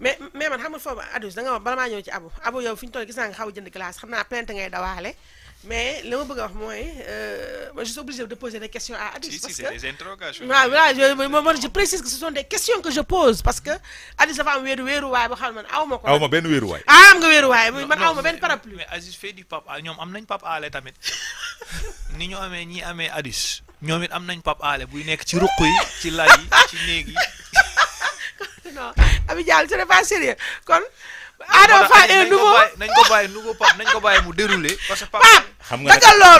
mais mais man xam nga foofu Adouz da wax bala maa ñëw ci abu abu yow fi ñu gis naa nga xaw a jënd glace xam naa plainte ngay dawaale mais li ma bëgg a wax mooy euh, je suis obligé de que si c'est des que ce sont des questions que je pose parce que Adouz man aw ko. aw ma benn wéeruwaay. ah am nga wéeruwaay man aw benn parapluie. mais Aziz fee di Pape ñoom am nañ Pape tamit ni ñu amee ñi amee Adouz ñoom it am nañ Pape Alé buy nekk ci ruq yi ci lal yi ci néeg amical ce n'est nañ ko bàyyi nouveau Pape nañ ko bàyyi mu déroulé parce que Pape xam nga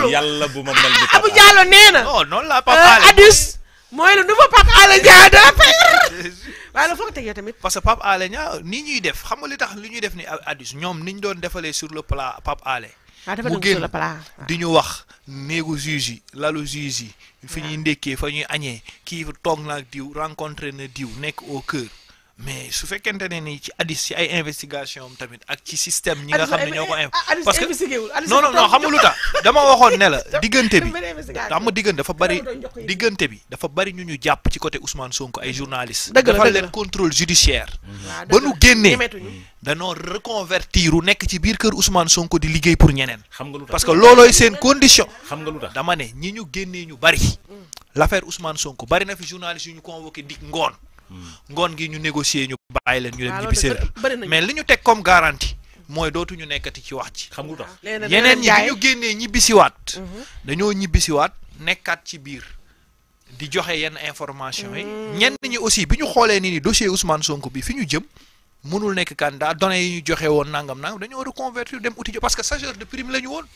yàlla bu ma mel ni Abou Diallo nee na non noonu la Pape euh, Alé Adus mooy tamit parce que Pape Alé Niang ni ñuy def xam nga li tax li ñuy def ni Adus ñoom niñ doon defalee sur le plat Pape Alé ah, mu génn ah. di ñu wax néegu juge yi lalu juge yi fi ñuy ah. ndékkee fa ñuy añee kii toog na diw rencontré na diw nekk au cœur mais su fekkente ne nii ci addis ci ay investigation tamit ak ci système ñi nga xam ne ñoo ko parce que non non non xam nga lu tax dama waxoon ne la diggante bi xam nga diggante dafa bari diggante bi dafa bari ñu ñu jàpp ci côté Ousmane Sonko ay journalistes dafa leen contrôle judiciaire ba nu génnee danoo reconvertir u nekk ci biir kër Ousmane Sonko di liggéey pour ñeneen xam nga lu parce que loolooy seen condition xam nga lu tax dama ne ñi ñu génnee ñu bari mm. l'affaire Ousmane Sonko bari na fi journalistes yu ñu convoqué dig ngoon ngoon gi ñu négocier ñu bàyyi leen ñu dem ah, ñibbi séeréer mais li ñu teg comme garantie mooy dootuñu nekkati ci wax ci xam nga tax yeneen ñi ñu génnee ñibbi ñibbisiwaat mhm. dañoo ñibbisiwaat nekkaat ci biir di joxe yenn information yi mm. ñenn ñi aussi bi ñu xoolee ni ni dossier Ousmane Sonko bi fi ñu jëm mënul nekk candidat données yi ñu joxe woon nangam nangam dañoo reconvertir dem outil parce que stagiaire de prime la ñu woon